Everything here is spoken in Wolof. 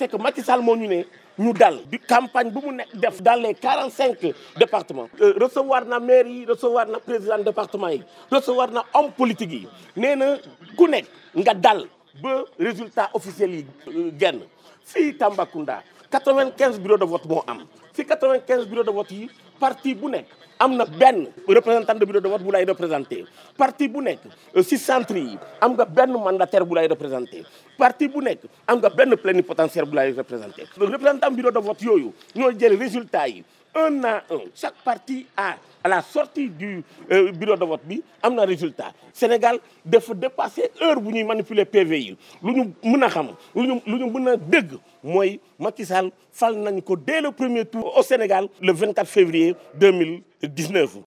c'est que Macky moo ñu ne ñu dal bi campagne bu mu nekk def dans les quarante cinq départements euh, recevoir na maire yi recevoir na président département yi recevoir na homme politique yi nee na ku nekk nga dal ba résultat officiel yi euh, génn fii Tambacounda quatre vingt quinze bureau de vote moo am fii quatre vingt quinze de vote yi parti bu nekk am na benn représentant de bureau de vote bu lay représenté parti bu nekk euh, si centre yi am nga benn mandataire bu lay représenté parti bu nekk am nga benn plénipotentiaire bu lay représenté représentant bureau de vote yooyu ñoo jël résultat yi un à un chaque parti a à la sortie du euh, bureau de vote bi am na résultat Sénégal dafa dépassé heure bu ñuy manipuler PV yi lu ñu mën a xam lu ñu lu ñu mën a dégg mooy Macky Sall fal nañ ko dès le premier tour au Sénégal le 24 février deux mille dix neuf